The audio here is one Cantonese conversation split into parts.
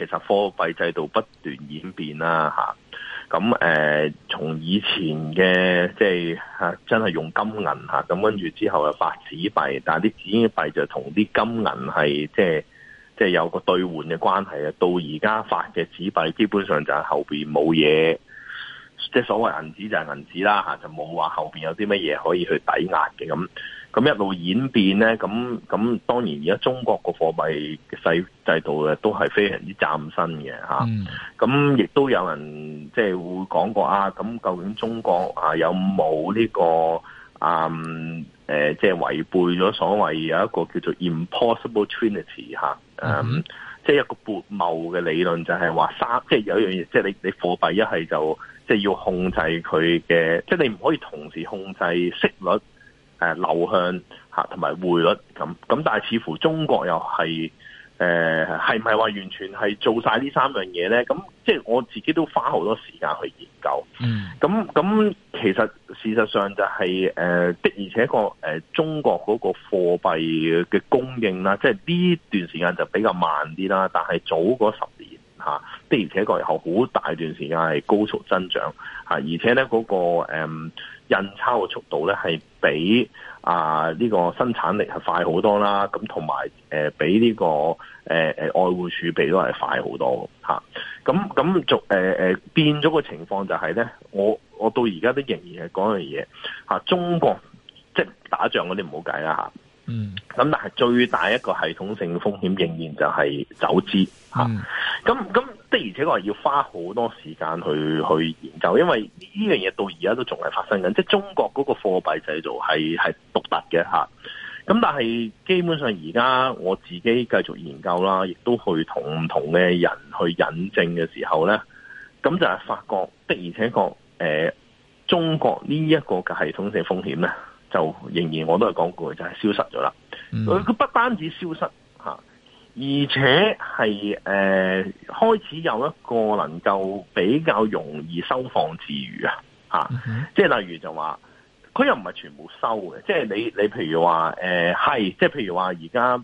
其實貨幣制度不斷演變啦，吓咁誒，從以前嘅即係吓真係用金銀吓，咁跟住之後就發紙幣，但係啲紙幣就同啲金銀係即係即係有個兌換嘅關係啊。到而家發嘅紙幣，基本上就係後邊冇嘢，即係所謂銀紙就係銀紙啦，吓就冇話後邊有啲乜嘢可以去抵押嘅咁。咁一路演變咧，咁咁當然而家中國個貨幣制制度咧都係非常之嶄新嘅嚇。咁亦都有人即係、就是、會講過啊，咁究竟中國啊有冇呢、這個誒即係違背咗所謂有一個叫做 Impossible Trinity 嚇、啊，即係、嗯嗯就是、一個撥謬嘅理論就，就係話三即係有樣嘢，即、就、係、是、你你貨幣一係就即係、就是、要控制佢嘅，即、就、係、是、你唔可以同時控制息率。誒流向嚇，同埋匯率咁咁，但係似乎中國又係誒係唔係話完全係做曬呢三樣嘢咧？咁即係我自己都花好多時間去研究。嗯，咁咁其實事實上就係、是、誒、呃、的而且確、呃、中國嗰個貨幣嘅供應啦，即係呢段時間就比較慢啲啦。但係早嗰十。嚇，的而且確後好大段時間係高速增長嚇，而且咧、那、嗰個、嗯、印鈔嘅速度咧係比啊呢、這個生產力係快好多啦，咁同埋誒比呢、這個誒誒、呃、外匯儲備都係快好多嚇，咁咁就誒誒變咗個情況就係咧，我我到而家都仍然係講樣嘢嚇，中國即係打仗嗰啲唔好計啦嚇。啊嗯，咁但係最大一個系統性風險仍然就係走資吓，咁咁、嗯啊、的而且確係要花好多時間去去研究，因為呢樣嘢到而家都仲係發生緊，即、就、係、是、中國嗰個貨幣制度係係獨特嘅吓，咁、啊、但係基本上而家我自己繼續研究啦，亦都去同唔同嘅人去引證嘅時候咧，咁就係發覺的而且確，誒、呃，中國呢一個嘅系統性風險咧。就仍然我都係講過就係、是、消失咗啦。佢、mm hmm. 不單止消失而且係誒、呃、開始有一個能夠比較容易收放自如啊、mm hmm. 即係例如就話，佢又唔係全部收嘅，即係你你譬如話誒係，即係譬如話而家誒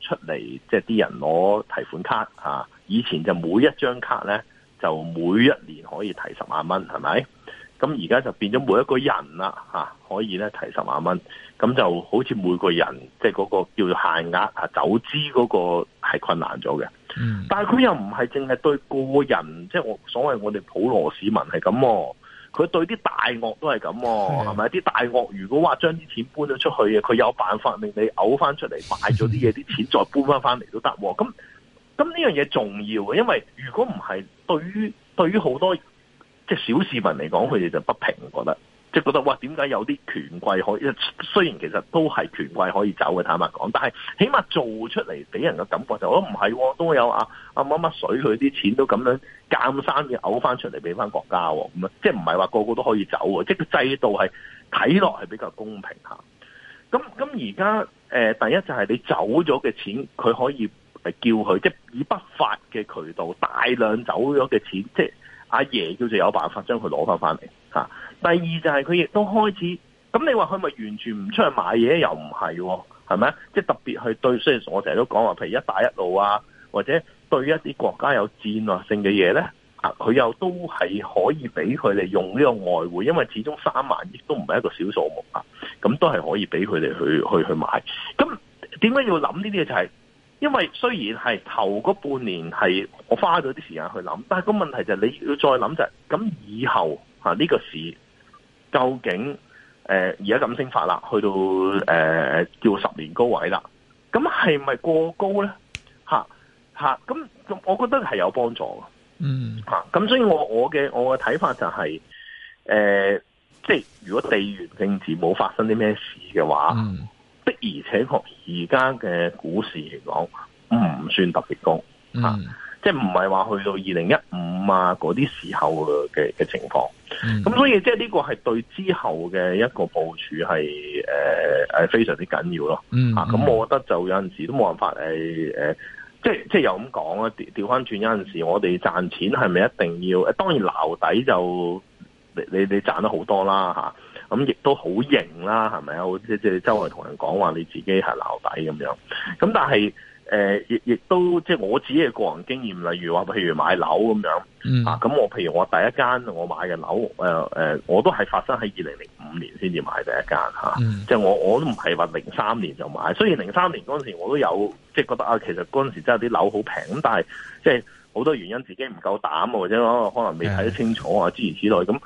出嚟，即係啲人攞提款卡、啊、以前就每一張卡咧就每一年可以提十萬蚊，係咪？咁而家就變咗每一個人啦、啊、可以咧提十萬蚊，咁就好似每個人即係嗰個叫做限額、啊、走資嗰個係困難咗嘅。嗯、但佢又唔係淨係對個人，即係我所謂我哋普羅市民係咁、啊，佢對啲大鱷都係咁、啊，係咪的？啲大鱷如果話將啲錢搬咗出去嘅，佢有辦法令你嘔翻出嚟買咗啲嘢，啲錢再搬翻翻嚟都得、啊。咁咁呢樣嘢重要嘅，因為如果唔係對於對於好多。即係小市民嚟講，佢哋就不平，覺得即係覺得哇，點解有啲權貴可以？雖然其實都係權貴可以走嘅，坦白講，但係起碼做出嚟俾人嘅感覺就、哦，我唔係都有啊啊乜乜水，佢啲錢都咁樣監生嘅嘔翻出嚟俾翻國家、哦，咁、嗯、即係唔係話個個都可以走，即係個制度係睇落係比較公平吓。咁咁而家誒，第一就係你走咗嘅錢，佢可以誒叫佢，即係以不法嘅渠道大量走咗嘅錢，即係。阿爺叫做有辦法將佢攞翻翻嚟吓，第二就係佢亦都開始咁，你話佢咪完全唔出去買嘢又唔係，係咪？即係特別係對，雖然我成日都講話，譬如一帶一路啊，或者對一啲國家有戰略性嘅嘢咧，啊，佢又都係可以俾佢哋用呢個外匯，因為始終三萬億都唔係一個小數目啊，咁都係可以俾佢哋去去去買。咁點解要諗呢啲嘢就係、是？因為雖然係頭嗰半年係我花咗啲時間去諗，但係個問題就係你要再諗就係、是，咁以後啊呢個市究竟誒而家咁升法啦，去到誒、呃、叫十年高位啦，咁係咪過高咧？吓、啊、吓，咁、啊、咁我覺得係有幫助嗯吓、啊，咁所以我我嘅我嘅睇法就係、是、誒、呃，即係如果地緣政治冇發生啲咩事嘅話。嗯的而且確，而家嘅股市嚟講，唔、嗯、算特別高，嚇、嗯啊，即係唔係話去到二零一五啊嗰啲時候嘅嘅情況。咁、嗯、所以即係呢個係對之後嘅一個部署係誒誒非常之緊要咯。嚇、嗯，咁、嗯啊、我覺得就有陣時候都冇辦法係誒、欸、即係即係又咁講啊，調調翻轉有陣時，我哋賺錢，係咪一定要？誒？當然撈底就你你你賺得好多啦吓。啊咁亦、嗯、都好型啦，係咪啊？即係周圍同人講話，你自己係留底咁樣。咁但係，誒、呃，亦亦都即係我自己嘅個人經驗。例如話，譬如買樓咁樣，嗯、啊，咁我譬如我第一間我買嘅樓，誒、呃、誒、呃，我都係發生喺二零零五年先至買第一間吓。啊嗯、即係我我都唔係話零三年就買。雖然零三年嗰陣時我都有即係覺得啊，其實嗰陣時真係啲樓好平。咁但係即係好多原因，自己唔夠膽啊或者可能未睇得清楚啊，諸如此類咁。嗯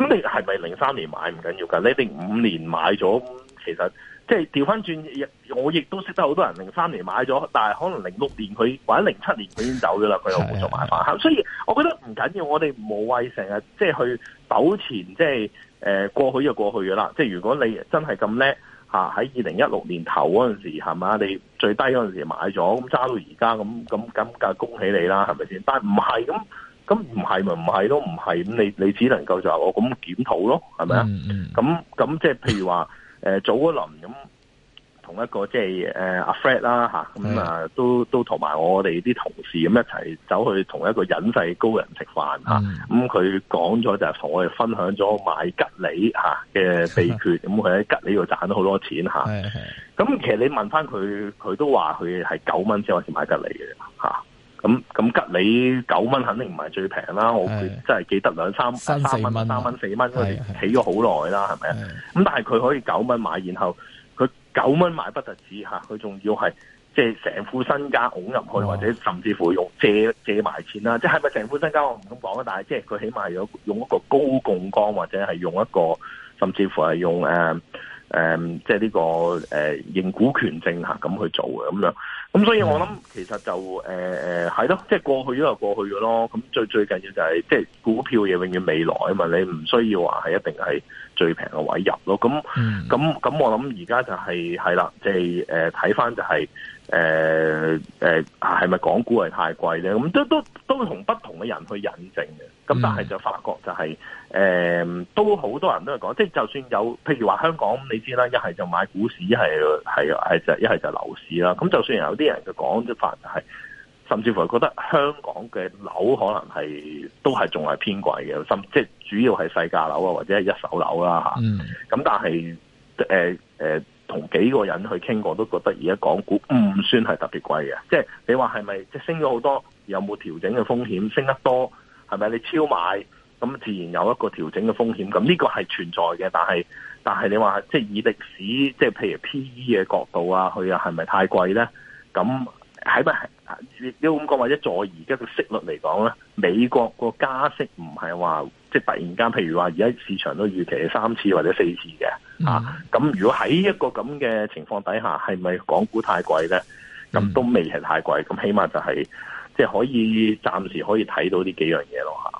咁你係咪零三年買唔緊要㗎？你定五年買咗，其實即係調翻轉，我亦都識得好多人零三年買咗，但係可能零六年佢或者零七年佢已經走咗啦，佢又冇做買法。咁是的 所以，我覺得唔緊要。我哋無謂成日即係去糾纏，即係，誒，過去就過去㗎啦。即係如果你真係咁叻吓，喺二零一六年頭嗰陣時係咪啊？你最低嗰陣時買咗，咁揸到而家咁咁咁，梗係恭喜你啦，係咪先？但係唔係咁。咁唔係咪唔係咯？唔係，咁你你只能夠就話我咁檢討咯，係咪啊？咁咁即係譬如話誒早一輪咁同一個即係誒阿 Fred 啦吓咁啊都的都同埋我哋啲同事咁一齊走去同一個隱世高人食飯吓，咁佢講咗就係同我哋分享咗買吉利吓嘅秘訣，咁佢喺吉利度賺咗好多錢吓。咁其實你問翻佢，佢都話佢係九蚊先開始買吉利嘅吓。啊咁咁吉你九蚊肯定唔係最平啦，的我真係記得兩三三蚊、三蚊四蚊，佢起咗好耐啦，係咪啊？咁但係佢可以九蚊買，然後佢九蚊買不特止嚇，佢仲要係即係成副身家拱入去，哦、或者甚至乎用借借埋錢啦，即係咪成副身家？我唔敢講啦，但係即係佢起碼係用一個高槓桿，或者係用一個甚至乎係用、呃誒、嗯，即係、這、呢個誒、呃、認股權證吓咁去做嘅咁樣，咁所以我諗其實就誒誒係咯，是即係過去都係過去咗咯。咁最最緊要就係即係股票嘢永遠未來啊嘛，你唔需要話係一定係。最平嘅位入咯，咁咁咁我諗而家就係係啦，即係誒睇翻就係誒誒係咪港股係太貴呢？咁都都都同不同嘅人去引證嘅，咁但係就發覺就係、是、誒、呃、都好多人都係講，即、就、係、是、就算有，譬如話香港你知啦，一係就買股市，一係係係就一係就樓市啦，咁就算有啲人就講法係。甚至乎覺得香港嘅樓可能係都係仲係偏貴嘅，即係主要係細價樓啊，或者係一手樓啦吓咁、mm. 但係同、呃呃、幾個人去傾過都覺得而家港股唔算係特別貴嘅。即係你話係咪即係升咗好多，有冇調整嘅風險？升得多係咪你超買咁，自然有一個調整嘅風險。咁呢個係存在嘅，但係但係你話即係以歷史即係譬如 P E 嘅角度啊，佢又係咪太貴咧？咁係咪？你你咁講，或者在而家嘅息率嚟講咧，美國個加息唔係話即係突然間，譬如話而家市場都預期三次或者四次嘅咁、嗯啊、如果喺一個咁嘅情況底下，係咪港股太貴咧？咁都未係太貴，咁起碼就係、是、即係可以暫時可以睇到呢幾樣嘢咯吓。啊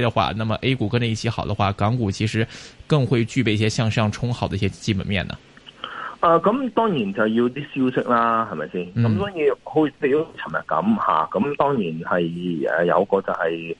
嘅話，那麼 A 股跟住一起好的話，港股其實更會具備一些向上衝好的一些基本面呢。誒、呃，咁當然就要啲消息啦，係咪先？咁所以好似今日咁吓，咁當然係誒，有個就係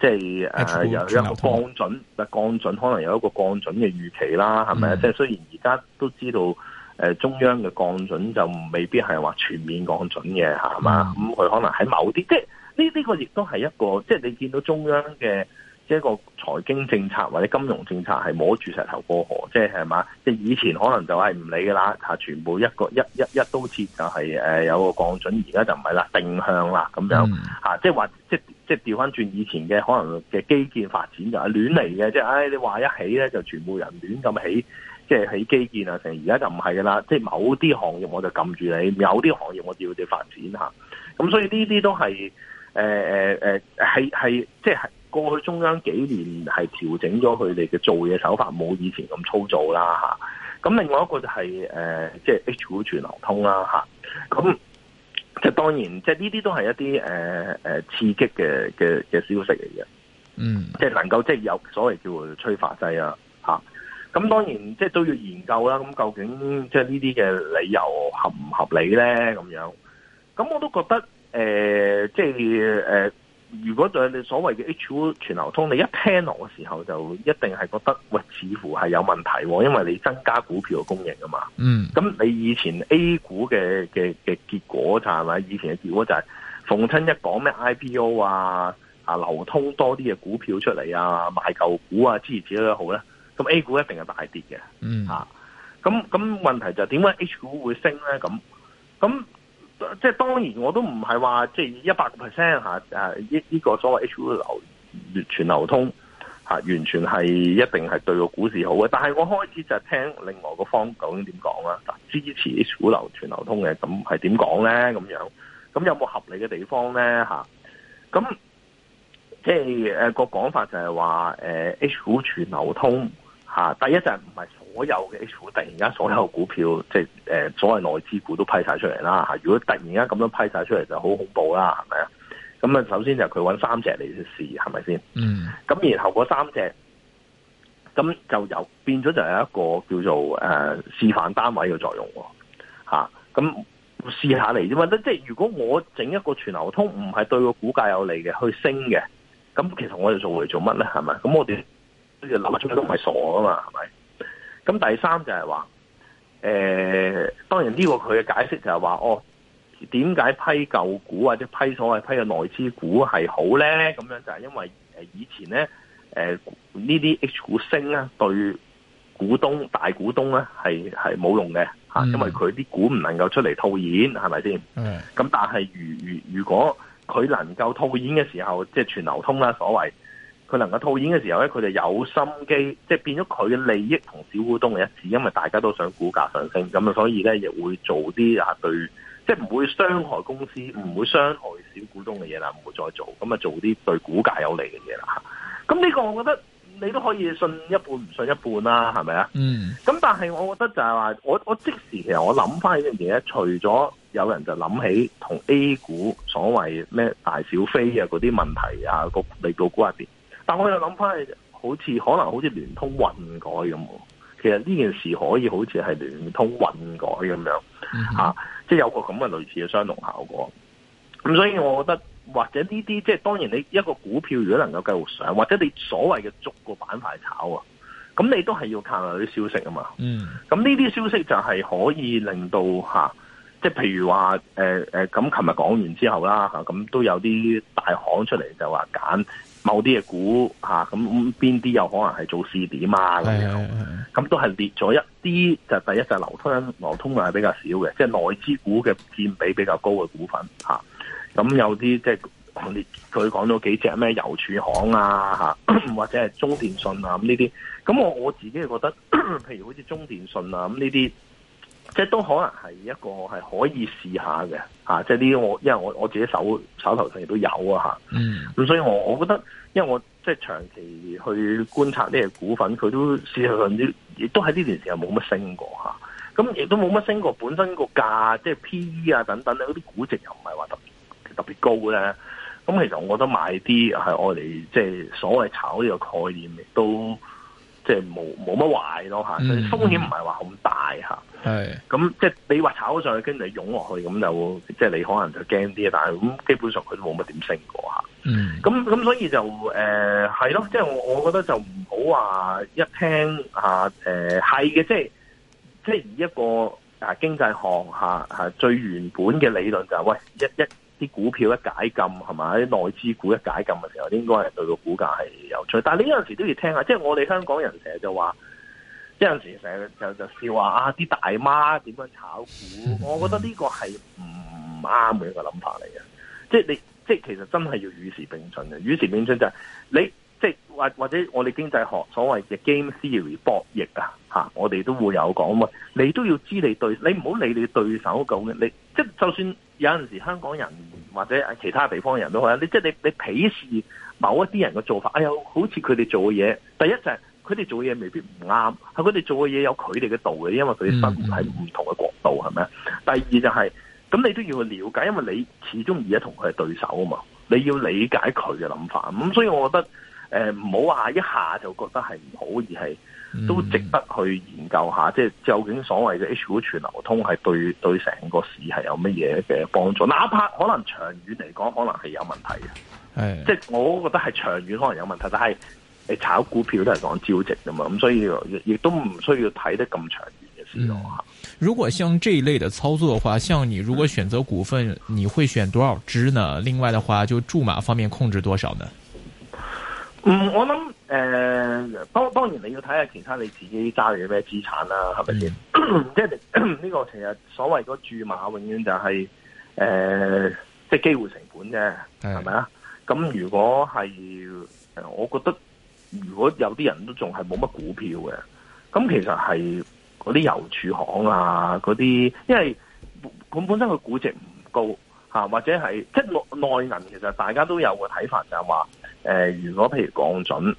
即係誒，有一個降準，降準可能有一個降準嘅預期啦，係咪？嗯、即係雖然而家都知道誒、呃，中央嘅降準就未必係話全面降準嘅吓嘛，咁佢、嗯、可能喺某啲即呢呢個亦都係一個，即係你見到中央嘅即係一個財經政策或者金融政策係摸住石頭過河，即係係嘛？即係以前可能就係唔理噶啦，嚇全部一個一一一刀切就係誒有個降準，而家就唔係啦，定向啦咁樣嚇，即係話即即係調翻轉以前嘅可能嘅基建發展就係亂嚟嘅，嗯、即係、哎、你話一起咧就全部人亂咁起，即係起基建啊，成而家就唔係噶啦，即係某啲行業我就撳住你，有啲行業我就要發展下。咁所以呢啲都係。誒誒誒，係係即係過去中央幾年係調整咗佢哋嘅做嘢手法，冇以前咁粗糙啦吓。咁、啊、另外一個就係、是、誒、即、呃、係、就是、H 股全流通啦吓。咁即係當然，即係呢啲都係一啲誒誒刺激嘅嘅嘅消息嚟嘅。嗯，即係能夠即係有所謂叫做催化劑啊吓。咁當然即係都要研究啦。咁究竟即係呢啲嘅理由合唔合理咧？咁樣咁我都覺得。誒、呃，即係誒、呃，如果就係你所謂嘅 H 股全流通，你一聽落嘅時候就一定係覺得，喂、呃，似乎係有問題，哦，因為你增加股票嘅供應啊嘛。嗯，咁你以前 A 股嘅嘅嘅結果就係、是、咪？以前嘅結果就係、是、逢親一講咩 IPO 啊，啊，流通多啲嘅股票出嚟啊，賣舊股啊，諸如此類都好咧。咁 A 股一定係大跌嘅。嗯，吓、啊，咁咁問題就係點解 H 股會升咧？咁咁。那即係當然，我都唔係話即係一百個 percent 吓誒，依、這、依個所謂 H 股流全流通吓，完全係一定係對個股市好嘅。但係我開始就聽另外個方究竟點講啦，支持 H 股流全流通嘅，咁係點講咧？咁樣咁有冇合理嘅地方咧？吓，咁即係誒個講法就係話誒 H 股全流通吓，第一就係唔係。我有所有 H 股突然間所有股票即係誒，所謂內資股都批晒出嚟啦吓。如果突然間咁樣批晒出嚟就好恐怖啦，係咪啊？咁啊，首先就佢揾三隻嚟試，係咪先？嗯。咁然後嗰三隻，咁就有變咗就有一個叫做誒、呃、示範單位嘅作用，吓咁試下嚟啫嘛。即係如果我整一個全流通，唔係對個股價有利嘅，去升嘅，咁其實我哋做嚟做乜咧？係咪？咁我哋即係諗咗都唔係傻噶嘛，係咪？咁第三就係話，誒、呃、當然呢個佢嘅解釋就係話，哦點解批舊股或者批所謂批嘅內資股係好咧？咁樣就係因為以前咧呢啲、呃、H 股升對股東大股東咧係係冇用嘅、嗯、因為佢啲股唔能夠出嚟套現，係咪先？咁、嗯、但係如如如果佢能夠套現嘅時候，即、就、係、是、全流通啦，所謂。佢能夠套現嘅時候咧，佢就有心機，即係變咗佢嘅利益同小股東嘅一致，因為大家都想股價上升，咁啊，所以咧亦會做啲啊對，即係唔會傷害公司，唔會傷害小股東嘅嘢啦，唔會再做，咁啊做啲對股價有利嘅嘢啦。咁呢個我覺得你都可以信一半唔信一半啦，係咪啊？嗯。咁但係我覺得就係話，我我即時其實我諗翻呢樣嘢，除咗有人就諗起同 A 股所謂咩大小非嘅嗰啲問題啊你嚟到股入邊。但我又諗翻，好似可能好似聯通混改咁，其實呢件事可以好似係聯通混改咁樣，mm hmm. 啊、即係有個咁嘅類似嘅相同效果。咁、嗯、所以我覺得，或者呢啲即係當然你一個股票如果能夠繼續上，或者你所謂嘅逐個板塊炒，mm hmm. 啊，咁你都係要靠嗰啲消息啊嘛。嗯，咁呢啲消息就係可以令到吓、啊，即係譬如話誒誒，咁琴日講完之後啦，吓、啊、咁、啊、都有啲大行出嚟就話揀。某啲嘅股咁，邊啲有可能係做試點啊，咁咁都係列咗一啲，就是、第一就係，流通流通量係比較少嘅，即、就、係、是、內資股嘅佔比比較高嘅股份咁、啊、有啲即係列佢講咗幾隻咩郵儲行啊、啊 或者係中電信啊咁呢啲。咁我我自己係覺得， 譬如好似中電信啊咁呢啲。即係都可能係一個係可以試下嘅，啊，即係呢啲我，因為我我自己手手頭上亦都有啊，嚇、啊。嗯。咁所以我我覺得，因為我即係長期去觀察呢啲股份，佢都事實上亦都喺呢段時間冇乜升過嚇。咁、啊、亦、啊、都冇乜升過本身個價，即係 P E 啊等等咧，嗰啲估值又唔係話特別特別高咧。咁其實我覺得買啲係我哋即係所謂炒呢個概念嚟都。即係冇冇乜壞咯吓，嗯、風險唔係話咁大吓，係咁的即係你話炒上去跟住你湧落去，咁就即係你可能就驚啲，但係咁基本上佢都冇乜點升過吓，嗯，咁咁所以就誒係咯，即係我我覺得就唔好話一聽啊誒係嘅，即係即係以一個經濟啊經濟項吓最原本嘅理論就係，喂一一。一啲股票一解禁係咪？啲內資股一解禁嘅時候，應該係對個股價係有趣。但係呢陣時都要聽下，即係我哋香港人成日就話，一陣時成日就就笑話啊！啲大媽點樣炒股？我覺得呢個係唔啱嘅一個諗法嚟嘅。即係你，即係其實真係要與時並進嘅。與時並進就係你。即係或或者我哋經濟學所謂嘅 game theory 博弈啊，嚇我哋都會有講嘛。你都要知你對，你唔好理你對手咁嘅。你即係就算有陣時香港人或者係其他地方人都好，你即係你你鄙視某一啲人嘅做法，哎呀，好似佢哋做嘅嘢。第一就係佢哋做嘅嘢未必唔啱，係佢哋做嘅嘢有佢哋嘅道嘅，因為佢哋生活喺唔同嘅角度係咪啊？第二就係，是，咁，你都要去了解，因為你始終而家同佢係對手啊嘛，你要理解佢嘅諗法。咁所以我覺得。誒，唔好話一下就覺得係唔好，而係都值得去研究一下，嗯、即係究竟所謂嘅 H 股全流通係對對成個市係有乜嘢嘅幫助？哪怕可能長遠嚟講，可能係有問題嘅，哎、即係我覺得係長遠可能有問題。但係你炒股票都係講招值㗎嘛，咁所以亦都唔需要睇得咁長遠嘅事囉吓。如果像這一類嘅操作嘅話，像你如果選擇股份，你會選多少支呢？另外的話，就注碼方面控制多少呢？嗯，我諗，誒、呃，當當然你要睇下其他你自己揸嘅咩資產啦，係咪先？即係呢個其實所謂個注碼，永遠就係誒，即係機會成本啫，係咪啊？咁是的 如果係，我覺得如果有啲人都仲係冇乜股票嘅，咁其實係嗰啲郵儲行啊，嗰啲，因為佢本身個估值唔高吓，或者係即係內銀其實大家都有個睇法就係話。誒、呃，如果譬如降準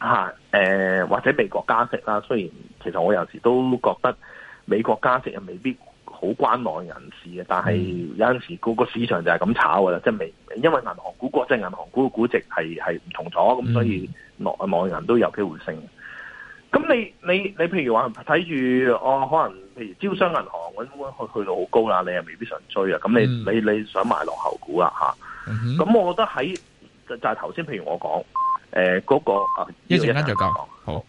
吓，誒、啊呃、或者美國加息啦，雖然其實我有時都覺得美國加息未必好關內銀事嘅，但係有陣時個個市場就係咁炒噶啦，即係未因為銀行股國際、國際銀行股嘅估值係係唔同咗，咁、嗯、所以內銀都有機會升。咁你你你譬如話睇住我可能譬如招商銀行搵搵去去到好高啦，你又未必想追啊。咁你、嗯、你你想買落後股啦吓，咁、嗯哼啊、我覺得喺。就係頭先，譬如我講，誒嗰個啊，一陣間就夠，好。